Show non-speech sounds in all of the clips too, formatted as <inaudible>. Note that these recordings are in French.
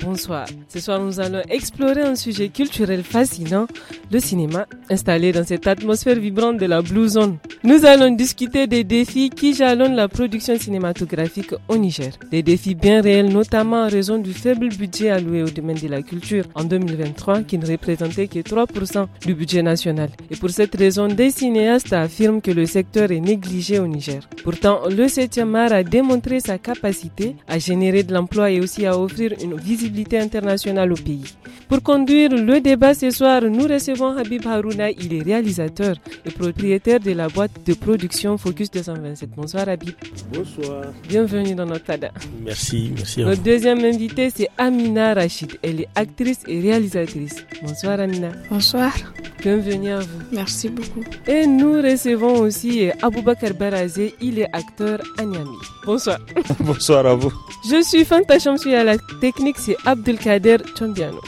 bonsoir. Ce soir, nous allons explorer un sujet culturel fascinant, le cinéma, installé dans cette atmosphère vibrante de la Blue Zone. Nous allons discuter des défis qui jalonnent la production cinématographique au Niger. Des défis bien réels, notamment en raison du faible budget alloué au domaine de la culture en 2023, qui ne représentait que 3% du budget national. Et pour cette raison, des cinéastes affirment que le secteur est négligé au Niger. Pourtant, le 7e art a démontré sa capacité à générer de l'emploi et aussi à offrir une visibilité internationale au pays. Pour conduire le débat ce soir, nous recevons Habib Harouna. Il est réalisateur et propriétaire de la boîte de production Focus 227. Bonsoir Habib. Bonsoir. Bienvenue dans notre TADA. Merci, merci. Notre deuxième invité, c'est Amina Rachid. Elle est actrice et réalisatrice. Bonsoir Amina. Bonsoir. Bienvenue à vous. Merci beaucoup. Et nous recevons aussi euh, Aboubakar Barazé, il est acteur à Niami. Bonsoir. <laughs> Bonsoir à vous. Je suis Fanta Chamsui à la technique, c'est Abdelkader Chambiano.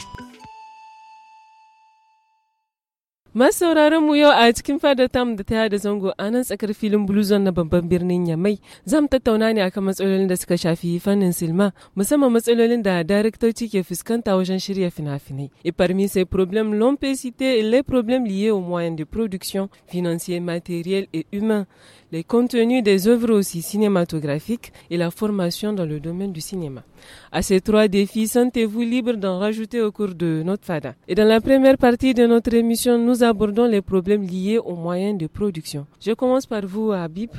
Masauraran mu yau a cikin fadar tam da ta da zango a nan tsakar filin buluzon na babban birnin Yamai zamu tattauna ne akan matsalolin da suka shafi fannin silma musamman matsalolin da daraktoci ke fuskanta wajen shirya fina-finai. Et parmi sai problèmes, l'on peut le problem liye au aux de production, financiers, matériels et humains. les contenus des œuvres aussi cinématographiques et la formation dans le domaine du cinéma. À ces trois défis, sentez-vous libre d'en rajouter au cours de notre FADA. Et dans la première partie de notre émission, nous abordons les problèmes liés aux moyens de production. Je commence par vous, Habib.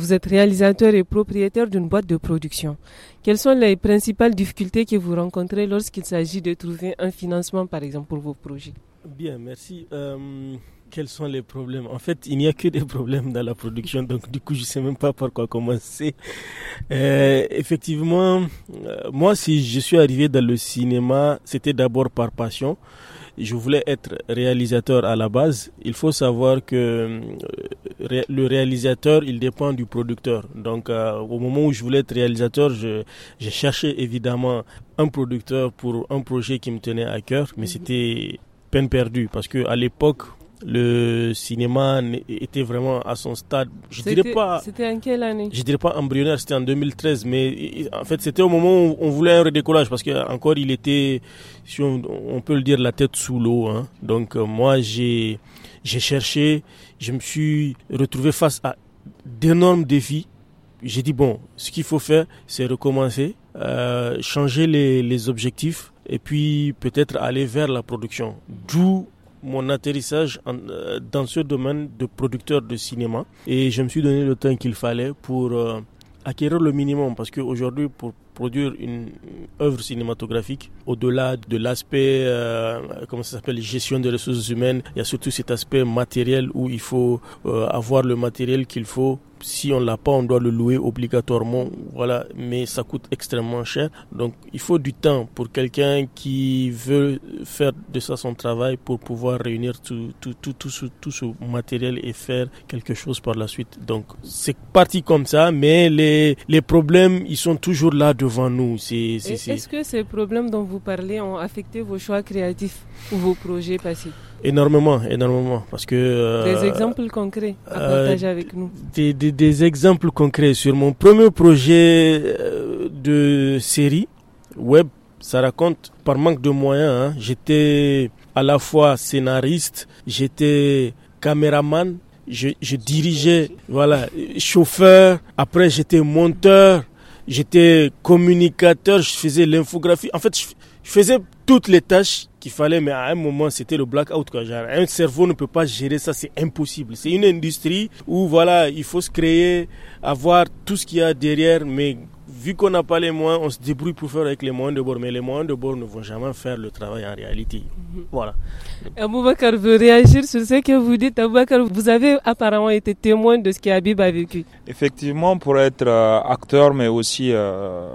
Vous êtes réalisateur et propriétaire d'une boîte de production. Quelles sont les principales difficultés que vous rencontrez lorsqu'il s'agit de trouver un financement, par exemple, pour vos projets Bien, merci. Euh, quels sont les problèmes En fait, il n'y a que des problèmes dans la production, donc du coup, je ne sais même pas par quoi commencer. Euh, effectivement, euh, moi, si je suis arrivé dans le cinéma, c'était d'abord par passion. Je voulais être réalisateur à la base. Il faut savoir que le réalisateur, il dépend du producteur. Donc, au moment où je voulais être réalisateur, j'ai cherché évidemment un producteur pour un projet qui me tenait à cœur, mais mhm. c'était peine perdue parce que à l'époque le cinéma était vraiment à son stade. Je dirais pas. C'était quelle année Je dirais pas embryonnaire. C'était en 2013, mais en fait c'était au moment où on voulait un redécollage parce que encore il était, on, peut le dire, la tête sous l'eau. Hein. Donc euh, moi j'ai j'ai cherché, je me suis retrouvé face à d'énormes défis. J'ai dit bon, ce qu'il faut faire, c'est recommencer, euh, changer les, les objectifs, et puis peut-être aller vers la production. D'où mon atterrissage euh, dans ce domaine de producteur de cinéma. Et je me suis donné le temps qu'il fallait pour euh, acquérir le minimum, parce qu'aujourd'hui, pour produire une œuvre cinématographique, au-delà de l'aspect, euh, comment ça s'appelle, gestion des ressources humaines, il y a surtout cet aspect matériel où il faut euh, avoir le matériel qu'il faut si on l'a pas, on doit le louer obligatoirement. Voilà, mais ça coûte extrêmement cher. Donc, il faut du temps pour quelqu'un qui veut faire de ça son travail pour pouvoir réunir tout, tout, tout, tout, ce, tout ce matériel et faire quelque chose par la suite. Donc, c'est parti comme ça, mais les, les problèmes, ils sont toujours là devant nous. Est-ce que ces problèmes dont vous parlez ont affecté vos choix créatifs ou vos projets passés Énormément, énormément, parce que... Euh, des exemples concrets à euh, partager avec nous. Des, exemples concrets sur mon premier projet euh, de série web, ça raconte par manque de moyens. Hein, j'étais à la fois scénariste, j'étais caméraman, je, je dirigeais, voilà, chauffeur. Après, j'étais monteur. J'étais communicateur, je faisais l'infographie. En fait, je, je faisais toutes les tâches qu'il fallait, mais à un moment, c'était le blackout. un cerveau ne peut pas gérer ça, c'est impossible. C'est une industrie où voilà, il faut se créer, avoir tout ce qu'il y a derrière, mais vu qu'on n'a pas les moyens, on se débrouille pour faire avec les moyens de bord. Mais les moyens de bord ne vont jamais faire le travail en réalité. Mhm. Voilà. Voilà. veut réagir sur ce que vous dites. Aboubakar, vous avez apparemment été témoin de ce qu'Abib a vécu. Effectivement, pour être euh, acteur, mais aussi euh,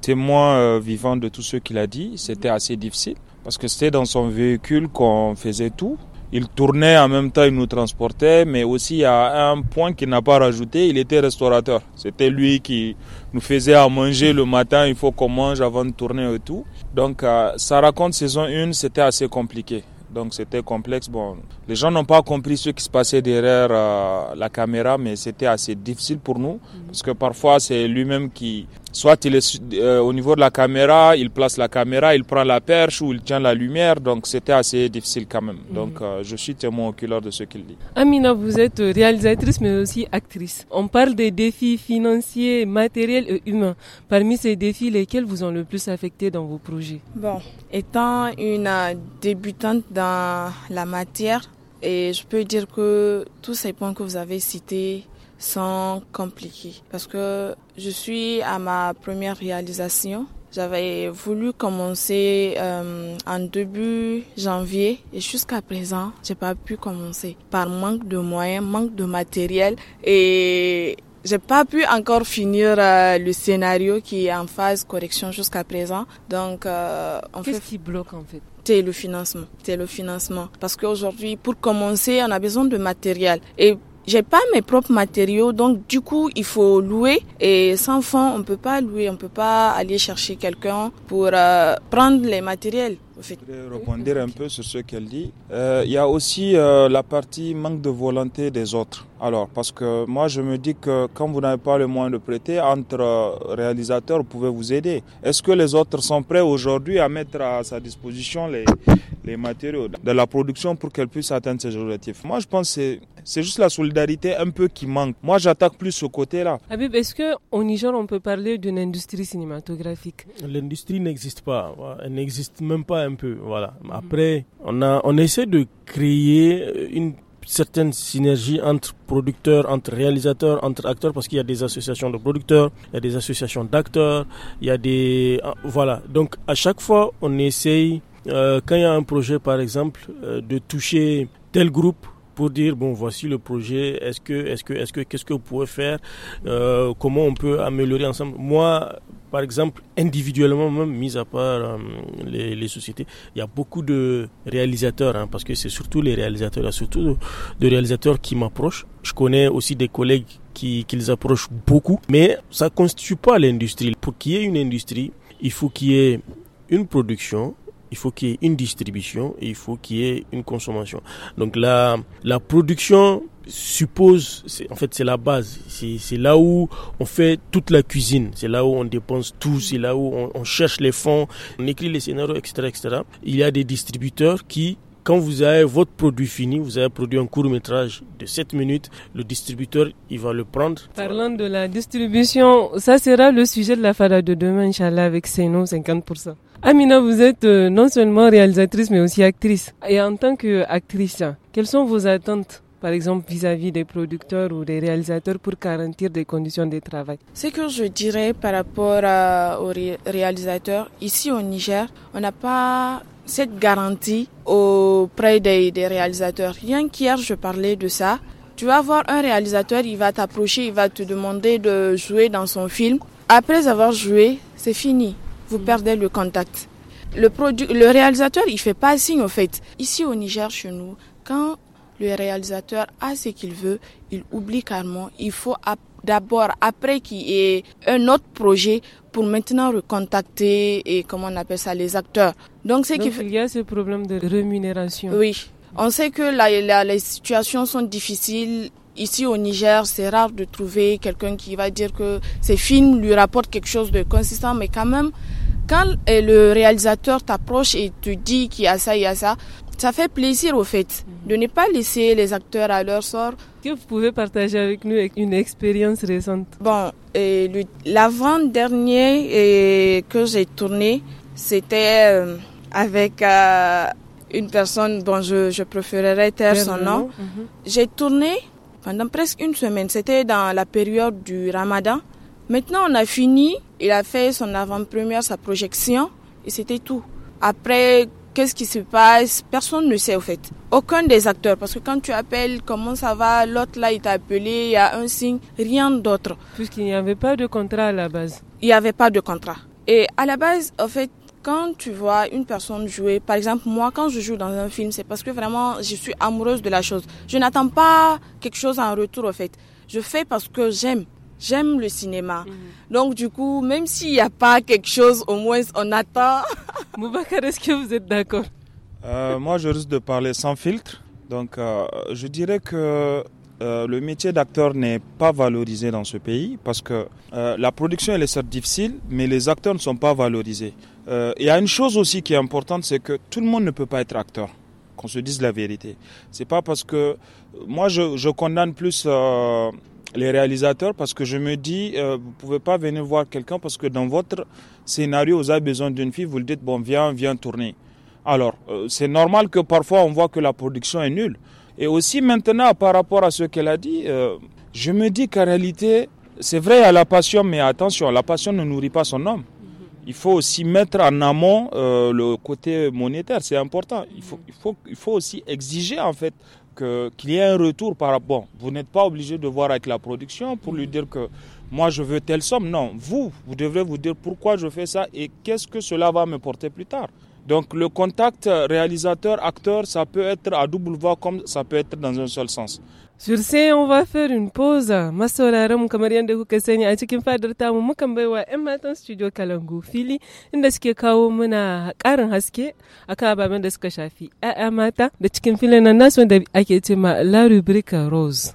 témoin euh, vivant de tout ce qu'il a dit. C'était assez difficile parce que c'était dans son véhicule qu'on faisait tout. Il tournait en même temps, il nous transportait, mais aussi à un point qu'il n'a pas rajouté, il était restaurateur. C'était lui qui nous faisait à manger le matin, il faut qu'on mange avant de tourner et tout. Donc euh, ça raconte saison 1, c'était assez compliqué. Donc c'était complexe. Bon, les gens n'ont pas compris ce qui se passait derrière euh, la caméra, mais c'était assez difficile pour nous parce que parfois c'est lui-même qui Soit il est euh, au niveau de la caméra, il place la caméra, il prend la perche ou il tient la lumière. Donc c'était assez difficile quand même. Mhm. Donc euh, je suis témoin oculaire de ce qu'il dit. Amina, vous êtes réalisatrice mais aussi actrice. On parle des défis financiers, matériels et humains. Parmi ces défis, lesquels vous ont le plus affecté dans vos projets Bon, étant une euh, débutante dans la matière, et je peux dire que tous ces points que vous avez cités sont compliqués parce que je suis à ma première réalisation. J'avais voulu commencer euh, en début janvier et jusqu'à présent, j'ai pas pu commencer par manque de moyens, manque de matériel et j'ai pas pu encore finir euh, le scénario qui est en phase correction jusqu'à présent. Donc, euh, fait qu'est-ce qui bloque en fait C'est le financement. C'est le financement parce qu'aujourd'hui, pour commencer, on a besoin de matériel et j'ai pas mes propres matériaux, donc du coup, il faut louer. Et sans fond, on peut pas louer, on peut pas aller chercher quelqu'un pour euh, prendre les matériels. Je voudrais répondre un peu sur ce qu'elle dit. Euh, il y a aussi euh, la partie manque de volonté des autres. Alors, parce que moi, je me dis que quand vous n'avez pas le moyen de prêter, entre réalisateurs, vous pouvez vous aider. Est-ce que les autres sont prêts aujourd'hui à mettre à sa disposition les, les matériaux de la production pour qu'elle puisse atteindre ses objectifs Moi, je pense que c'est c'est juste la solidarité un peu qui manque. Moi, j'attaque plus ce côté-là. Habib, est-ce qu'au Niger, on peut parler d'une industrie cinématographique L'industrie n'existe pas. Elle n'existe même pas un peu. Voilà. Mhm. Après, on, a, on essaie de créer une certaine synergie entre producteurs, entre réalisateurs, entre acteurs, parce qu'il y a des associations de producteurs, il y a des associations d'acteurs, il y a des... Ah, voilà, donc à chaque fois, on essaye, euh, quand il y a un projet par exemple, euh, de toucher tel groupe, pour dire bon voici le projet, est-ce que est-ce que est-ce que qu'est-ce que vous pouvez faire, euh, comment on peut améliorer ensemble. Moi, par exemple, individuellement même, mis à part euh, les, sociétés, il y a beaucoup de réalisateurs, hein, parce que c'est surtout les réalisateurs, il surtout de, réalisateurs qui m'approchent. Je connais aussi des collègues qui qu'ils approchent beaucoup, mais ça constitue pas l'industrie. Pour qu'il y ait une industrie, il faut qu'il y ait une production, il faut qu'il y ait une distribution et il faut qu'il y ait une consommation. Donc la, la production suppose, en fait c'est la base, c'est là où on fait toute la cuisine, c'est là où on dépense tout, c'est là où on, cherche les fonds, on écrit les scénarios, etc., etc. Il y a des distributeurs qui... Quand vous avez votre produit fini, vous avez produit un court métrage de 7 minutes, le distributeur, il va le prendre. Parlant de la distribution, ça sera le sujet de la fada de demain, Inch'Allah, avec Seno 50%. Amina, vous êtes euh, non seulement réalisatrice, mais aussi actrice. Et en tant qu'actrice, quelles sont vos attentes par exemple vis-à-vis des producteurs ou des réalisateurs pour garantir des conditions de travail Ce que je dirais par rapport euh, aux réalisateurs, ici au Niger, on n'a pas cette garantie auprès des, des réalisateurs. Rien qu'hier, je parlais de ça. Tu vas voir un réalisateur, il va t'approcher, il va te demander de jouer dans son film. Après avoir joué, c'est fini vous perdez le contact. Le, le réalisateur, il fait pas signe au fait. Ici au Niger, chez nous, quand le réalisateur a ce qu'il veut, il oublie carrément. Il faut d'abord, après qu'il y ait un autre projet, pour maintenant recontacter et comment on appelle ça, les acteurs. Donc, c'est qu'il il y a ce problème de rémunération. Oui. On sait que là, les situations sont difficiles. Ici au Niger, c'est rare de trouver quelqu'un qui va dire que ses films lui rapportent quelque chose de consistant, mais quand même, quand euh, le réalisateur t'approche et te dit qu'il y a ça, il y a ça, ça fait plaisir au fait de ne pas laisser les acteurs à leur sort. Que vous pouvez partager avec nous une expérience récente Bon, euh, l'avant-dernier euh, que j'ai tourné, c'était avec une personne dont je, je préférerais taire son nom. Mhm. J'ai tourné pendant presque une semaine. C'était dans la période du ramadan. Maintenant, on a fini. Il a fait son avant-première, sa projection, et c'était tout. Après, qu'est-ce qui se passe Personne ne sait, au fait. Aucun des acteurs, parce que quand tu appelles, comment ça va L'autre, là, il t'a appelé, il y a un signe, rien d'autre. Puisqu'il n'y avait pas de contrat à la base. Il n'y avait pas de contrat. Et à la base, au fait, quand tu vois une personne jouer, par exemple moi quand je joue dans un film, c'est parce que vraiment je suis amoureuse de la chose. Je n'attends pas quelque chose en retour au fait. Je fais parce que j'aime. J'aime le cinéma. Mhm. Donc du coup, même s'il n'y a pas quelque chose, au moins on attend. <laughs> Moubakar, est-ce que vous êtes d'accord euh, Moi, je risque de parler sans filtre. Donc euh, je dirais que euh, le métier d'acteur n'est pas valorisé dans ce pays parce que la production, elle est certes difficile, mais les acteurs ne sont pas valorisés. Il y a une chose aussi qui est importante, c'est que tout le monde ne peut pas être acteur qu'on se dise la vérité. C'est pas parce que moi je, condamne plus les réalisateurs parce que je me dis, euh, vous ne pouvez pas venir voir quelqu'un parce que dans votre scénario, vous avez besoin d'une fille, vous le dites, bon, viens, viens tourner. Alors, euh, c'est normal que parfois on voit que la production est nulle. Et aussi maintenant, par rapport à ce qu'elle a dit, euh, je me dis qu'en réalité, c'est vrai, il y a la passion, mais attention, la passion ne nourrit pas son homme. Il faut aussi mettre en amont le côté monétaire, c'est important. Il faut, il, faut, il faut aussi exiger en fait qu'il y ait un retour par rapport. Vous n'êtes pas obligé de voir avec la production pour lui dire que moi je veux telle somme. Non, vous, vous devrez vous dire pourquoi je fais ça et qu'est-ce que cela va me porter plus tard. Donc le contact euh, réalisateur-acteur, ça peut être à double voie comme ça peut être dans un seul sens. Sur ce, on va faire une pause. Masauraran kamar yadda kuka sani a cikin fadar tamu mukan baiwa 'yan matan studio Kalangu fili inda suke kawo muna karin haske akan ababen da suka shafi 'ya'ya mata da cikin filin nan nasu da ake ce ma La Rubrica Rose.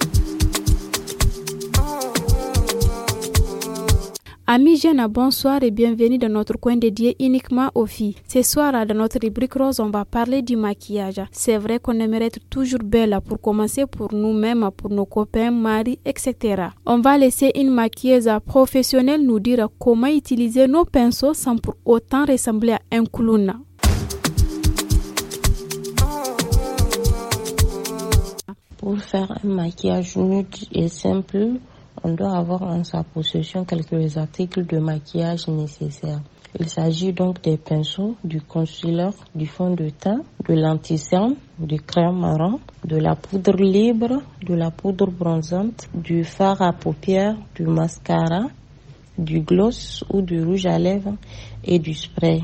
Amis jeunes, bonsoir et bienvenue dans notre coin dédié uniquement aux filles. Ce soir, dans notre rubrique rose, on va parler du maquillage. C'est vrai qu'on aimerait être toujours belle pour commencer pour nous-mêmes, pour nos copains, maris, etc. On va laisser une maquilleuse professionnelle nous dire comment utiliser nos pinceaux sans pour autant ressembler à un clown. Pour faire un maquillage nude et simple, on doit avoir en sa possession quelques articles de maquillage nécessaires. Il s'agit donc des pinceaux, du concealer, du fond de teint, de l'anticerne, du crème marron, de la poudre libre, de la poudre bronzante, du fard à paupières, du mascara, du gloss ou du rouge à lèvres et du spray.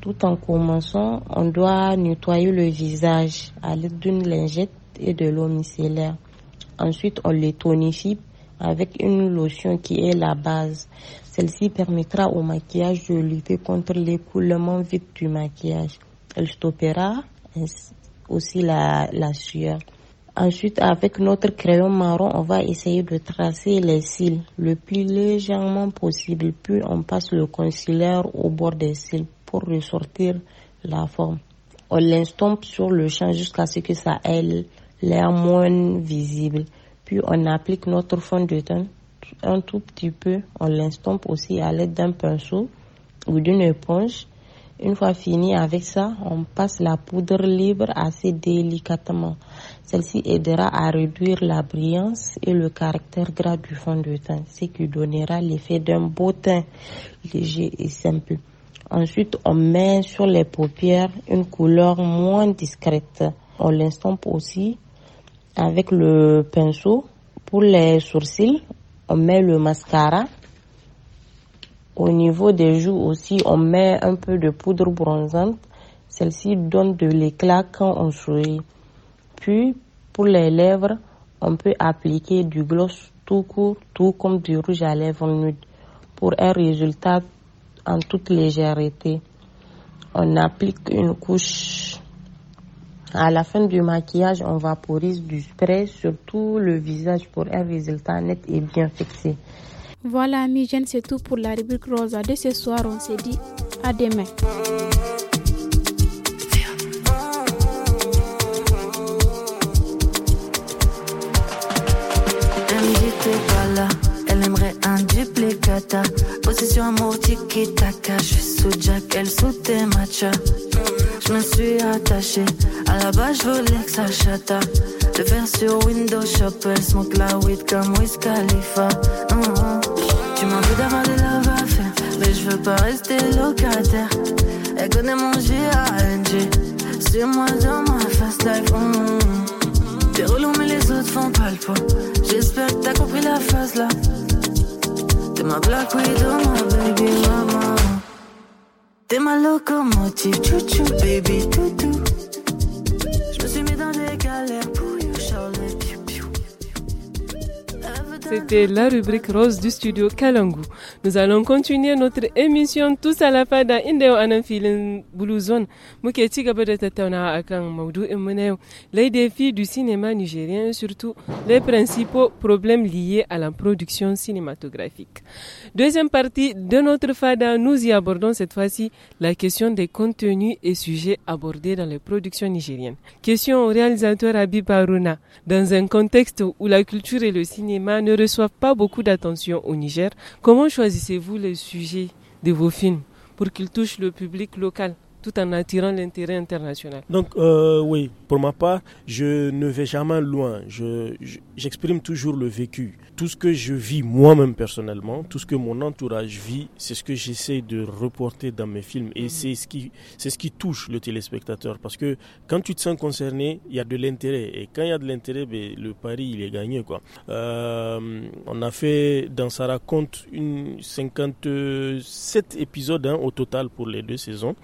Tout en commençant, on doit nettoyer le visage à l'aide d'une lingette et de l'eau micellaire. Ensuite, on les tonifie avec une lotion qui est la base. Celle-ci permettra au maquillage de lutter contre l'écoulement vite du maquillage. Elle stoppera aussi la, sueur. Ensuite, avec notre crayon marron, on va essayer de tracer les cils le plus légèrement possible, puis on passe le concealer au bord des cils pour ressortir la forme. On l'estompe sur le champ jusqu'à ce que ça ait l'air moins visible. Puis on applique notre fond de teint un tout petit peu, on l'estompe aussi à l'aide d'un pinceau ou d'une éponge. Une fois fini avec ça, on passe la poudre libre assez délicatement. Celle-ci aidera à réduire la brillance et le caractère gras du fond de teint, ce qui donnera l'effet d'un beau teint léger et simple. Ensuite, on met sur les paupières une couleur moins discrète. On l'estompe aussi avec le pinceau. Pour les sourcils, on met le mascara. Au niveau des joues aussi, on met un peu de poudre bronzante. Celle-ci donne de l'éclat quand on sourit. Puis, pour les lèvres, on peut appliquer du gloss tout court, tout comme du rouge à lèvres nude, pour un résultat en toute légèreté. On applique une couche à la fin du maquillage, on vaporise du spray sur tout le visage pour un résultat net et bien fixé. Voilà, amis jeunes, c'est tout pour la rubrique Rosa de ce soir. On se dit à demain. elle sous Jack, elle je me suis attaché. À la base, je voulais que ça chata. Le faire sur Windows Shop, smoke la weed comme Wiz Khalifa. Mm, mm. Tu m'as veux d'avoir des la va faire, mais je veux pas rester locataire. Elle connaît mon G.A.N.G. C'est moi dans ma fast life. Mm, T'es relou, mais les autres font pas le poids. J'espère que t'as compris la phase là. T'es ma Black Widow, ma baby. C'était la rubrique rose du studio Kalangu. Nous allons continuer notre émission tous à la fin d'un Indéo anan Boulouzon. Blue Zone akan Les défis du cinéma nigérien surtout les principaux problèmes liés à la production cinématographique. Deuxième partie de notre FADA, nous y abordons cette fois-ci la question des contenus et sujets abordés dans les productions nigériennes. Question au réalisateur Habib Paruna Dans un contexte où la culture et le cinéma ne reçoivent pas beaucoup d'attention au Niger, comment choisissez-vous les sujets de vos films pour qu'ils touchent le public local tout en attirant l'intérêt international. Donc euh, oui, pour ma part, je ne vais jamais loin. J'exprime je, toujours le vécu. Tout ce que je vis moi-même personnellement, tout ce que mon entourage vit, c'est ce que j'essaie de reporter dans mes films et c'est ce qui c'est ce qui touche le téléspectateur parce que quand tu te sens concerné, il y a de l'intérêt et quand il y a de l'intérêt, ben, le pari il est gagné quoi. Euh, on a fait dans sa raconte une 57 épisodes hein, au total pour les deux saisons.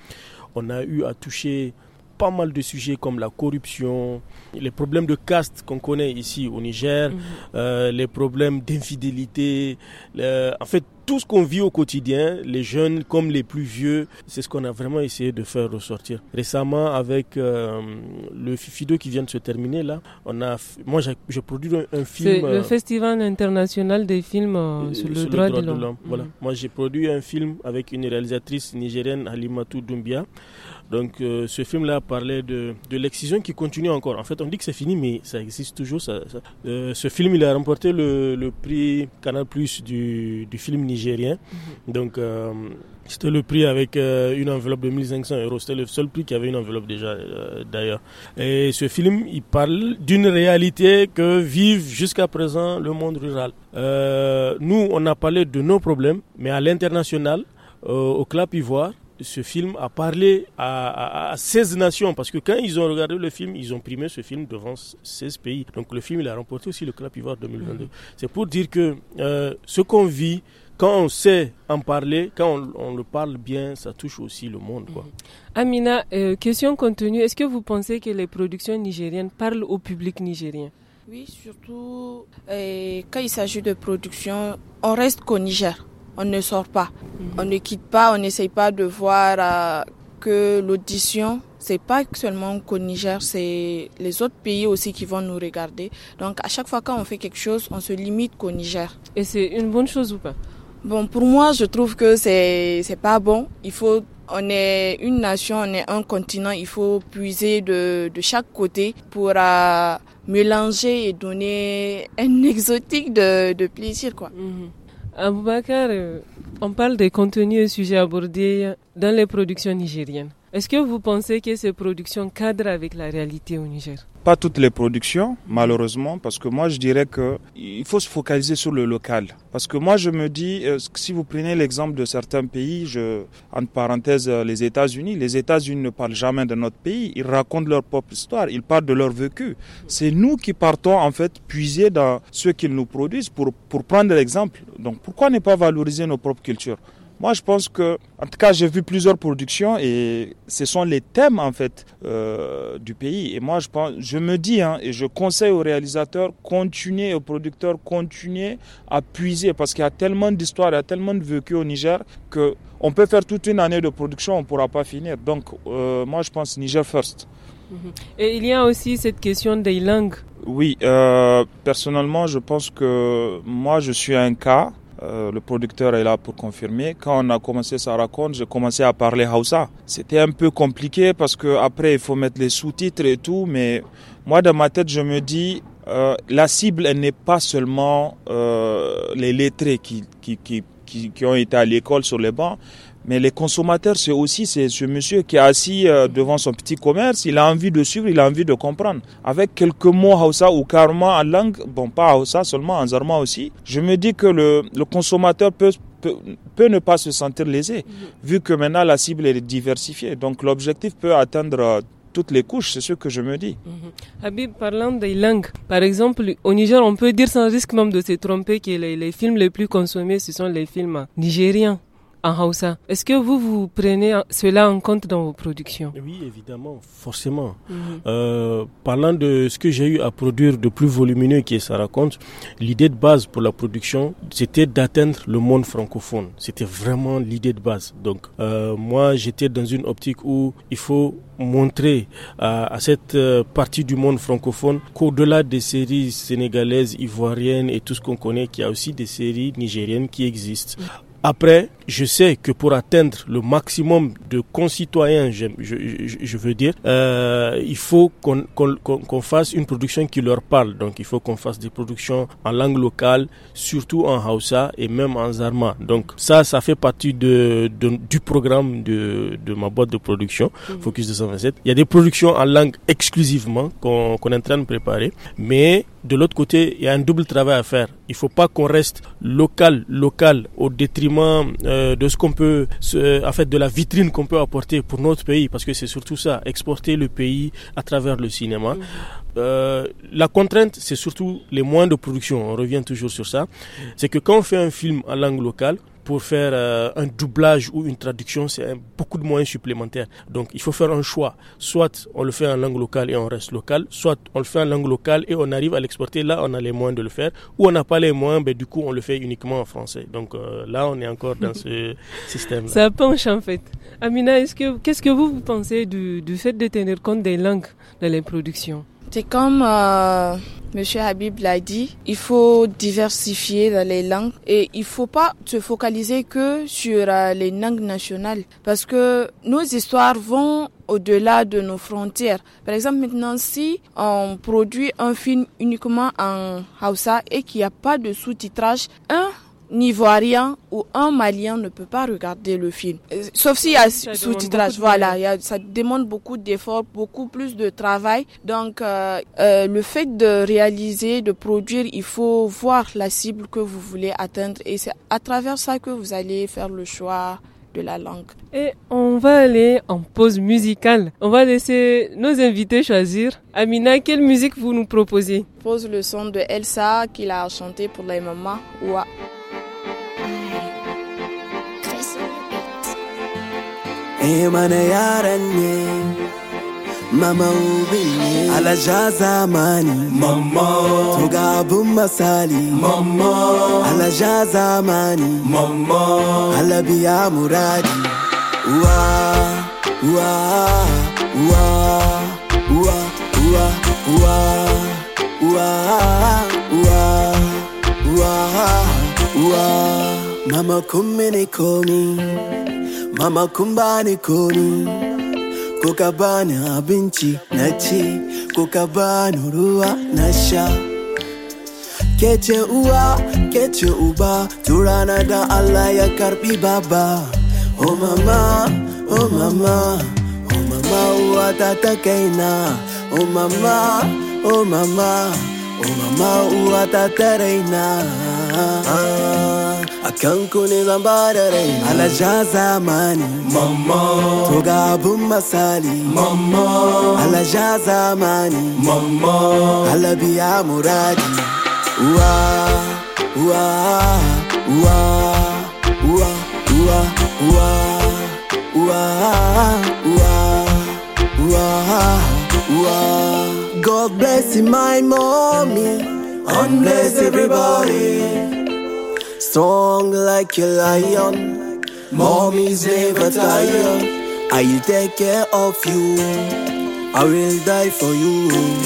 On a eu à toucher pas mal de sujets comme la corruption, les problèmes de caste qu'on connaît ici au Niger, mhm. euh, les problèmes d'infidélité, en fait tout ce qu'on vit au quotidien, les jeunes comme les plus vieux, c'est ce qu'on a vraiment essayé de faire ressortir. Récemment, avec euh, le FIDO qui vient de se terminer là, on a, moi j'ai produit un, film. C'est le euh, Festival international des films euh, sur, le, droit de l'homme. Mm. Moi j'ai produit un film avec une réalisatrice nigérienne, Matou Doumbia. Donc ce film-là parlait de, l'excision qui continue encore. En fait, on dit que c'est fini, mais ça existe toujours. Ça, ce film, il a remporté le, prix Canal Plus du, film film nigérien. Mhm. Donc, euh, c'était le prix avec euh, une enveloppe de 1500 euros. C'était le seul prix qui avait une enveloppe déjà, euh, d'ailleurs. Et ce film, il parle d'une réalité que vivent jusqu'à présent le monde rural. nous, on a parlé de nos problèmes, mais à l'international, au Clap Ivoire, ce film a parlé à, 16 nations parce que quand ils ont regardé le film, ils ont primé ce film devant 16 pays. Donc le film, il a remporté aussi le Clap Ivoire 2022. Mhm. C'est pour dire que ce qu'on vit, quand on sait en parler, quand on, le parle bien, ça touche aussi le monde. Quoi. Mhm. Amina, euh, question continue. Est-ce que vous pensez que les productions nigériennes parlent au public nigérien Oui, surtout euh, quand il s'agit de production, on reste qu'au Niger. On ne sort pas. Mhm. On ne quitte pas, on n'essaye pas de voir euh, que l'audition, c'est pas seulement qu'au Niger, c'est les autres pays aussi qui vont nous regarder. Donc à chaque fois qu'on fait quelque chose, on se limite qu'au Niger. Et c'est une bonne chose ou pas Bon, pour moi, je trouve que c'est c'est pas bon. Il faut on est une nation, on est un continent. Il faut puiser de, de chaque côté pour euh, mélanger et donner un <laughs> exotique de, de plaisir, quoi. Mhm. Euh, on parle des contenus et sujets abordés dans les productions nigériennes. Est-ce que vous pensez que ces productions cadrent avec la réalité au Niger Pas toutes les productions, malheureusement, parce que moi je dirais qu'il faut se focaliser sur le local. Parce que moi je me dis, euh, si vous prenez l'exemple de certains pays, je, entre parenthèses euh, les États-Unis, les États-Unis ne parlent jamais de notre pays, ils racontent leur propre histoire, ils parlent de leur vécu. C'est nous qui partons en fait puiser dans ce qu'ils nous produisent pour, pour prendre l'exemple. Donc pourquoi ne pas valoriser nos propres cultures moi, je pense que, en tout cas, j'ai vu plusieurs productions et ce sont les thèmes en fait euh, du pays. Et moi, je pense, je me dis hein, et je conseille aux réalisateurs, continuez aux producteurs, continuez à puiser parce qu'il y a tellement d'histoires, il y a tellement de vécu au Niger que on peut faire toute une année de production, on ne pourra pas finir. Donc, euh, moi, je pense Niger first. Mhm. Et il y a aussi cette question des langues. Oui, euh, personnellement, je pense que moi, je suis un cas euh, le producteur est là pour confirmer. Quand on a commencé sa raconte, j'ai commencé à parler Hausa. C'était un peu compliqué parce que après il faut mettre les sous-titres et tout, mais moi dans ma tête je me dis euh, la cible n'est pas seulement euh, les lettrés qui qui, qui, qui, qui ont été à l'école sur les bancs, mais les consommateurs, c'est aussi ce monsieur qui est assis euh, devant son petit commerce, il a envie de suivre, il a envie de comprendre. Avec quelques mots Hausa ou Karma en langue, bon pas Hausa seulement, en Zarma aussi, je me dis que le, le consommateur peut, peut, ne pas se sentir lésé, vu que maintenant la cible est diversifiée. Donc l'objectif peut atteindre euh, toutes les couches, c'est ce que je me dis. Mhm. Habib, parlant des langues, par exemple, au Niger, on peut dire sans risque même de se tromper que les, les films les plus consommés, ce sont les films nigériens en Est-ce que vous, vous prenez cela en compte dans vos productions Oui, évidemment, forcément. Mhm. Euh, parlant de ce que j'ai eu à produire de plus volumineux qui est ça raconte, l'idée de base pour la production, c'était d'atteindre le monde francophone. C'était vraiment l'idée de base. Donc, euh, moi, j'étais dans une optique où il faut montrer à, à cette euh, partie du monde francophone qu'au-delà des séries sénégalaises, ivoiriennes et tout ce qu'on connaît, qu'il y a aussi des séries nigériennes qui existent. Après, je sais que pour atteindre le maximum de concitoyens, je, je, je veux dire, euh, il faut qu'on fasse une production qui leur parle. Donc, il faut qu'on fasse des productions en langue locale, surtout en Hausa et même en Zarma. Donc, ça, ça fait partie de, du programme de, de, ma boîte de production, mhm. Focus 227. Il y a des productions en langue exclusivement qu'on est en train de préparer, mais de l'autre côté, il y a un double travail à faire. Il ne faut pas qu'on reste local, local, au détriment euh, de ce qu'on peut, euh, en fait, de la vitrine qu'on peut apporter pour notre pays, parce que c'est surtout ça, exporter le pays à travers le cinéma. Mmh. Euh, la contrainte, c'est surtout les moyens de production. On revient toujours sur ça. Mmh. C'est que quand on fait un film en langue locale, pour faire euh, un doublage ou une traduction, c'est beaucoup de moyens supplémentaires. Donc il faut faire un choix. Soit on le fait en langue locale et on reste local, soit on le fait en langue locale et on arrive à l'exporter. Là, on a les moyens de le faire. Ou on n'a pas les moyens, mais du coup, on le fait uniquement en français. Donc euh, là, on est encore dans ce <laughs> système-là. Ça penche en fait. Amina, qu'est-ce que vous, pensez du fait de tenir compte des langues dans les productions c'est comme euh, Monsieur Habib l'a dit, il faut diversifier dans les langues et il faut pas se focaliser que sur euh, les langues nationales parce que nos histoires vont au-delà de nos frontières. Par exemple, maintenant, si on produit un film uniquement en Hausa et qu'il n'y a pas de sous-titrage, un Ivoirien ou un Malien ne peut pas regarder le film. Euh, sauf s'il y a sous-titrage. Voilà, ça demande beaucoup d'efforts, beaucoup plus de travail. Donc, euh, euh, le fait de réaliser, de produire, il faut voir la cible que vous voulez atteindre. Et c'est à travers ça que vous allez faire le choix de la langue. Et on va aller en pause musicale. On va laisser nos invités choisir. Amina, quelle musique vous nous proposez Pose le son de Elsa qu'il a chanté pour les mamans. Emane yaranye Mama ubinye alaja zamani Mama tugabu masali Mama alaja zamani Mama halabia muradi Wa wa wa wa wa wa wa wa wa wa Mama kumi ni kumi Mama kun bani kunu, kuka bani abinci na ci, kuka bani ruwa na sha. Kece uwa, kece uba, rana da Allah ya karbi baba. Oh mama, oh mama, oh mama uwa ta ta kaina. Oh mama, oh, mama, oh mama uwa ta ta raina. Ah. Akankuni zambarare Alaja amani Mama Toga abu masali Mama Alaja amani Mama Alabia muradi Wa Wa Wa Wa Wa Wa Wa Wa Wa Wa God bless my mommy and bless everybody strong like a lion. Mommy's never tired. I'll take care of you. I will die for you.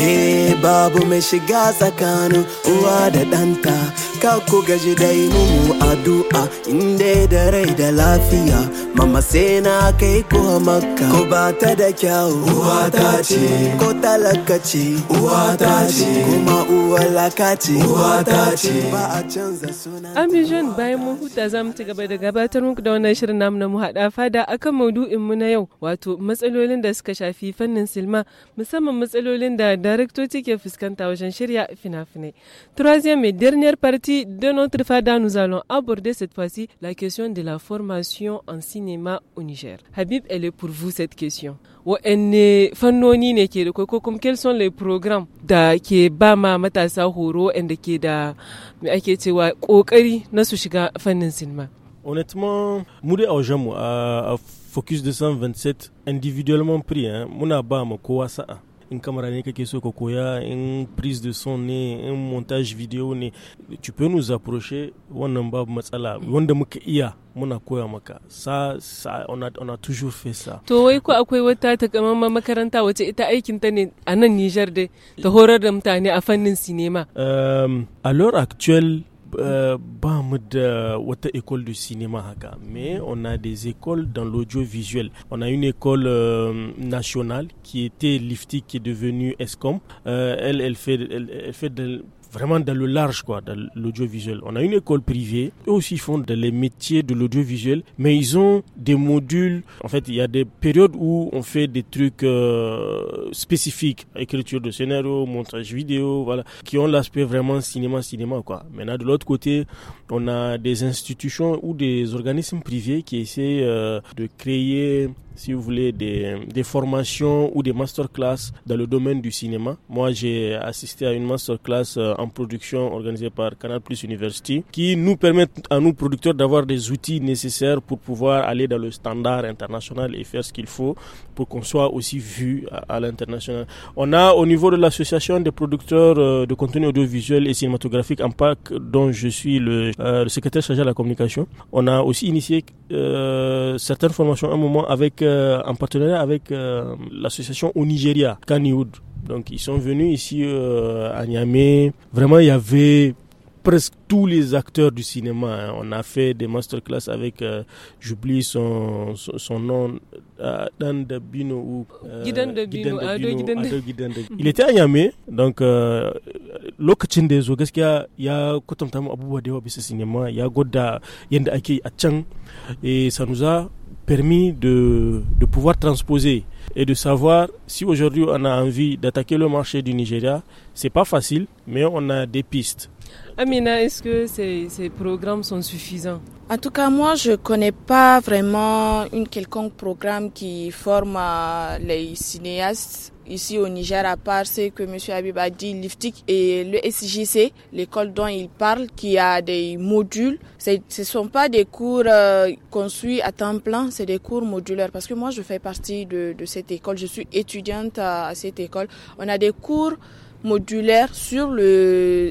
Hey, babu meshiga sakanu. Uwa da danta. Kakuga jidai mumu. addu'a inda da rai da lafiya mama sai na kai ko makka ko ba ta da kyau uwa ta ce ko talaka ce uwa ta ce kuma uwa laka ce uwa ta ce ba a canza suna Amijan bayan mun huta za mu ci gaba da gabatar muku da wannan shirin namu na mu hada fada akan maudu'in mu na yau wato matsalolin da suka shafi fannin silma musamman matsalolin da daraktoci ke fuskanta wajen shirya fina-finai. Troisième et dernière partie de notre fada nous allons aborder cette fois-ci la question de la formation en cinéma au Niger. Habib, elle est pour vous cette question. Comme quels sont les programmes qui ke ba ma matasa horo da ke da me ake cewa kokari na su shiga fannin Honnêtement, Moudé dai a Focus 227 individuellement pris, hein, ba ma Kouasa. in caméra ne kake so ka koya in prise de son ne in montage video ne tu peux nous approcher wannan babu matsala wanda muka iya muna koya maka sa, sa on, a, on a toujours fait ça to wai ko akwai wata takamaiman makaranta wace ita aikin ta ne a nan Niger dai ta horar da mutane a fannin sinema um, ehm, a l'heure actuelle Euh, de euh, wata école de cinéma mais on a des écoles dans l'audiovisuel on a une école euh, nationale qui était LIFTY qui est devenue ESCOM euh, elle elle fait elle fait de, vraiment dans le large, quoi, dans l'audiovisuel. On a une école privée, eux aussi font dans les métiers de l'audiovisuel, mais ils ont des modules. En fait, il y a des périodes où on fait des trucs euh, spécifiques, écriture de scénario, montage vidéo, voilà, qui ont l'aspect vraiment cinéma, cinéma, quoi. Maintenant, de l'autre côté, on a des institutions ou des organismes privés qui essaient euh, de créer si vous voulez, des, des, formations ou des masterclass dans le domaine du cinéma. Moi, j'ai assisté à une masterclass euh, en production organisée par Canal Plus University qui nous permettent à nous producteurs d'avoir des outils nécessaires pour pouvoir aller dans le standard international et faire ce qu'il faut pour qu'on soit aussi vu à, l'international. On a au niveau de l'association des producteurs euh, de contenu audiovisuel et cinématographique en PAC dont je suis euh, le, secrétaire chargé de la communication, on a aussi initié euh, certaines formations à un moment avec en partenariat avec l'association au Nigeria, Canioud. Donc ils sont venus ici euh, à Niamey. Vraiment, il y avait presque tous les acteurs du cinéma. Hein. On a fait des masterclass avec, euh, j'oublie son, son, nom, Il était à Yamé, donc euh, il a et ça nous a permis de, de pouvoir transposer et de savoir si aujourd'hui on a envie d'attaquer le marché du Nigeria, c'est pas facile, mais on a des pistes. Est-ce que ces, programmes sont suffisants En tout cas, moi, je ne connais pas vraiment une quelconque programme qui forme euh, les cinéastes ici au Niger, à part ce que M. Habib a dit, l'IFTIC et le SJC, l'école dont il parle, qui a des modules. Ce ne sont pas des cours construits euh, qu'on à temps plein, c'est des cours modulaires. Parce que moi, je fais partie de, cette école, je suis étudiante à cette école. On a des cours modulaires sur le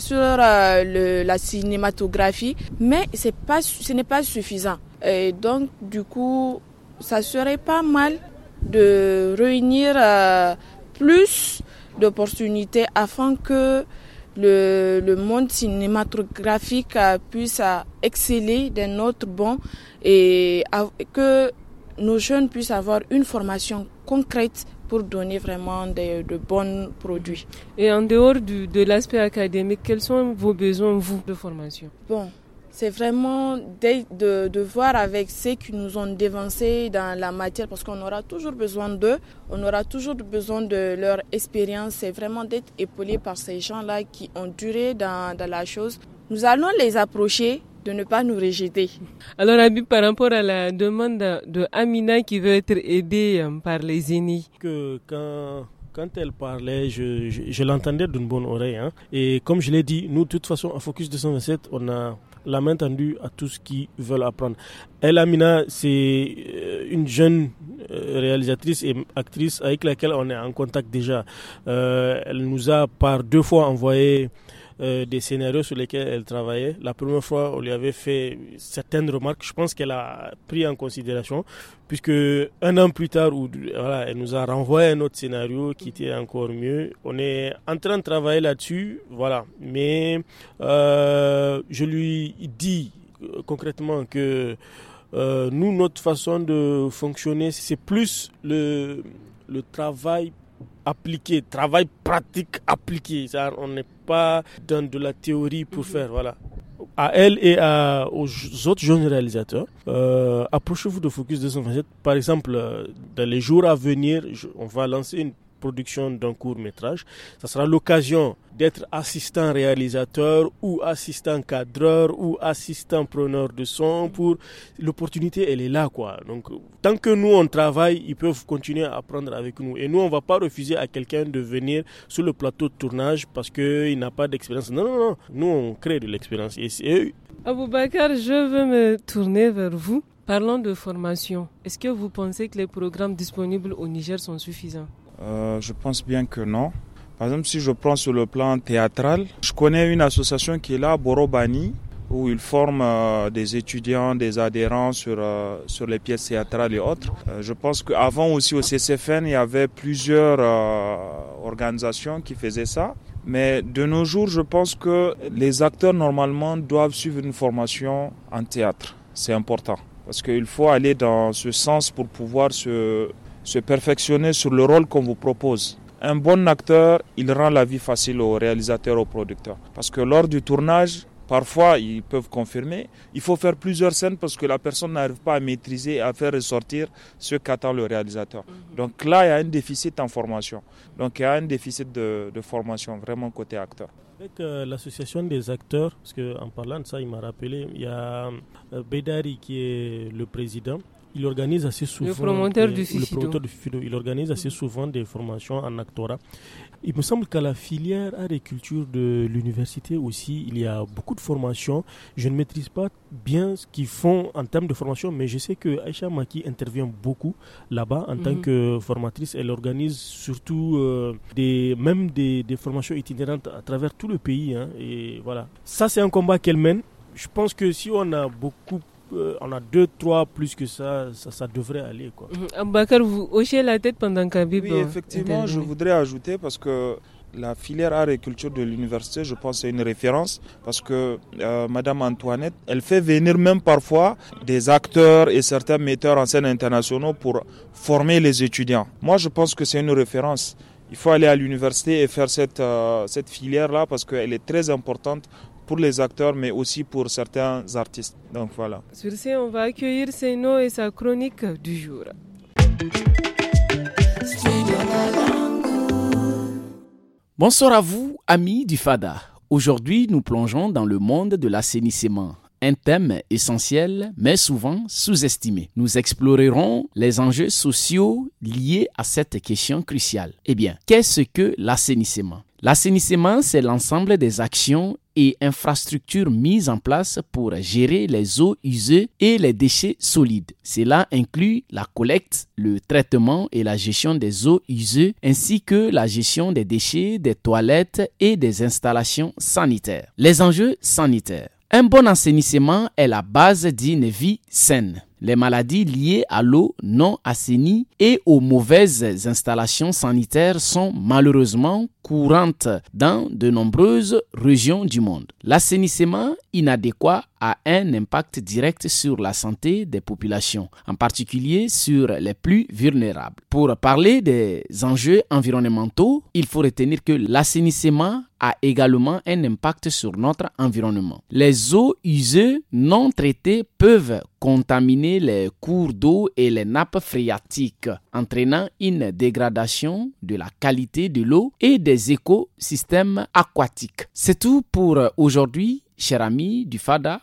sur euh, la cinématographie, mais c'est pas, ce n'est pas suffisant. Et donc, du coup, ça serait pas mal de réunir euh, plus d'opportunités afin que le, monde cinématographique euh, puisse exceller d'un autre bon et que nos jeunes puissent avoir une formation concrète pour donner vraiment de, bons produits. Et en dehors de l'aspect académique, quels sont vos besoins, vous, de formation Bon, c'est vraiment de, voir avec ceux qui nous ont dévancés dans la matière parce qu'on aura toujours besoin d'eux, on aura toujours besoin de leur expérience. C'est vraiment d'être épaulé par ces gens-là qui ont duré dans, dans, la chose nous allons les approcher de ne pas nous rejeter. Alors Abib, par rapport à la demande de Amina qui veut être aidée euh, par les aînés. Que quand quand elle parlait, je, je, l'entendais d'une bonne oreille. Hein. Et comme je l'ai dit, nous, de toute façon, à Focus 227, on a la main tendue à tous qui veulent apprendre. Elle, Amina, c'est euh, une jeune euh, réalisatrice et actrice avec laquelle on est en contact déjà. elle nous a par deux fois envoyé euh, des scénarios sur lesquels elle travaillait. La première fois, on lui avait fait certaines remarques. Je pense qu'elle a pris en considération, puisque un an plus tard, elle nous a renvoyé un autre scénario qui était encore mieux. On est en train de travailler là-dessus, voilà. Mais euh, je lui dis euh, concrètement que nous, notre façon de fonctionner, c'est plus le, le travail appliqué, travail pratique appliqué. On n'est pas dans de la théorie pour mhm. faire. Voilà. À elle et à, aux autres jeunes réalisateurs, euh, approchez-vous de Focus 227. Par exemple, euh, dans les jours à venir, on va lancer une production d'un court métrage. Ça sera l'occasion d'être assistant réalisateur ou assistant cadreur ou assistant preneur de son pour l'opportunité elle est là quoi donc tant que nous on travaille ils peuvent continuer à apprendre avec nous et nous on va pas refuser à quelqu'un de venir sur le plateau de tournage parce qu'il n'a pas d'expérience non non non nous on crée de l'expérience et Bakar, je veux me tourner vers vous parlons de formation est-ce que vous pensez que les programmes disponibles au Niger sont suffisants euh, je pense bien que non. Par exemple, si je prends sur le plan théâtral, je connais une association qui est là, Borobani, où ils forment euh, des étudiants, des adhérents sur, euh, sur les pièces théâtrales et autres. je pense qu'avant aussi au CCFN, il y avait plusieurs organisations qui faisaient ça. Mais de nos jours, je pense que les acteurs normalement doivent suivre une formation en théâtre. C'est important. Parce qu'il faut aller dans ce sens pour pouvoir se se perfectionner sur le rôle qu'on vous propose. Un bon acteur, il rend la vie facile au réalisateur, au producteur. Parce que lors du tournage, parfois, ils peuvent confirmer, il faut faire plusieurs scènes parce que la personne n'arrive pas à maîtriser, à faire ressortir ce qu'attend le réalisateur. Mhm. Donc là, il y a un déficit en formation. Donc il y a un déficit de, formation, vraiment côté acteur. Avec euh, l'association des acteurs, parce qu'en parlant de ça, il m'a rappelé, il y a euh, Bedari qui est le président il organise assez souvent. Le promoteur des, du Fifido. il organise assez souvent des formations en actora. Il me semble qu'à la filière agriculture de l'université aussi, il y a beaucoup de formations. Je ne maîtrise pas bien ce qu'ils font en termes de formation, mais je sais que Aïcha Maki intervient beaucoup là-bas en tant mhm. que formatrice. Elle organise surtout euh, des, même des, formations itinérantes à travers tout le pays. Hein. et voilà. Ça, c'est un combat qu'elle mène je pense que si on a beaucoup euh, on a deux, trois plus que ça, ça, devrait aller. Quoi. Mhm. Ah, vous hochez la tête pendant qu'Abib. Oui, euh, effectivement, je voudrais ajouter parce que la filière art et culture de l'université, je pense, c'est une référence parce que euh, Madame Antoinette, elle fait venir même parfois des acteurs et certains metteurs en scène internationaux pour former les étudiants. Moi, je pense que c'est une référence. Il faut aller à l'université et faire cette, cette filière-là parce qu'elle est très importante pour les acteurs, mais aussi pour certains artistes. Donc voilà. Sur ce, on va accueillir Seno et sa chronique du jour. Bonsoir à vous, amis du FADA. Aujourd'hui, nous plongeons dans le monde de l'assainissement un thème essentiel mais souvent sous-estimé. Nous explorerons les enjeux sociaux liés à cette question cruciale. Eh bien, qu'est-ce que l'assainissement L'assainissement, c'est l'ensemble des actions et infrastructures mises en place pour gérer les eaux usées et les déchets solides. Cela inclut la collecte, le traitement et la gestion des eaux usées ainsi que la gestion des déchets, des toilettes et des installations sanitaires. Les enjeux sanitaires. Un bon assainissement est la base d'une vie saine les maladies liées à l'eau non assainie et aux mauvaises installations sanitaires sont malheureusement courante dans de nombreuses régions du monde. L'assainissement inadéquat a un impact direct sur la santé des populations, en particulier sur les plus vulnérables. Pour parler des enjeux environnementaux, il faut retenir que l'assainissement a également un impact sur notre environnement. Les eaux usées non traitées peuvent contaminer les cours d'eau et les nappes phréatiques, entraînant une dégradation de la qualité de l'eau et des écosystèmes aquatiques. C'est tout pour euh, aujourd'hui, cher ami du FADA.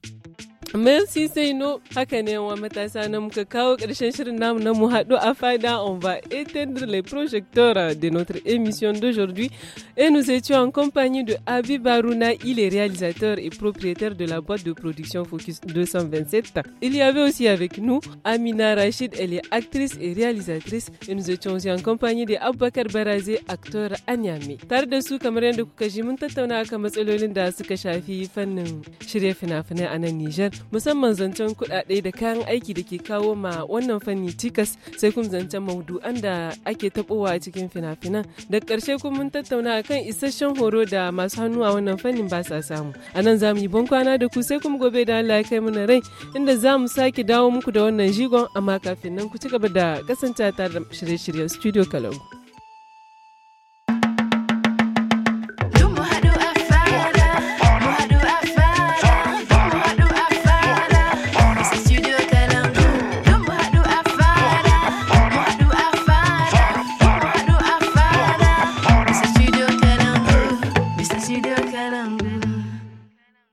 Merci Seino, haka ne matasa na muka kawo ƙarshen shirin namu na mu haɗu a fada on va éteindre les projecteurs de notre émission d'aujourd'hui et nous étions en compagnie de Abi Barouna, il est réalisateur et propriétaire de la boîte de production Focus 227. Il y avait aussi avec nous Amina Rachid, elle est actrice et réalisatrice et nous étions aussi en compagnie de Abubakar Barazé, acteur à Niamey. Tare da su kamar yadda kuka ji mun tattauna kan matsalolin da suka shafi fannin shirye fina-finai a nan Niger musamman zancen kuɗaɗe da kayan aiki da ke kawo ma wannan fanni tikas sai kuma zancen maudu'an da ake taɓowa a cikin fina-finan da ƙarshe kuma mun tattauna akan isasshen horo da masu hannu a wannan fannin ba sa samu a nan za mu yi ban kwana da ku sai kuma gobe da Allah ya kai mana rai inda za mu sake dawo muku da wannan jigon amma kafin nan ku ci gaba da kasancewa tare da shirye-shiryen studio kalangu.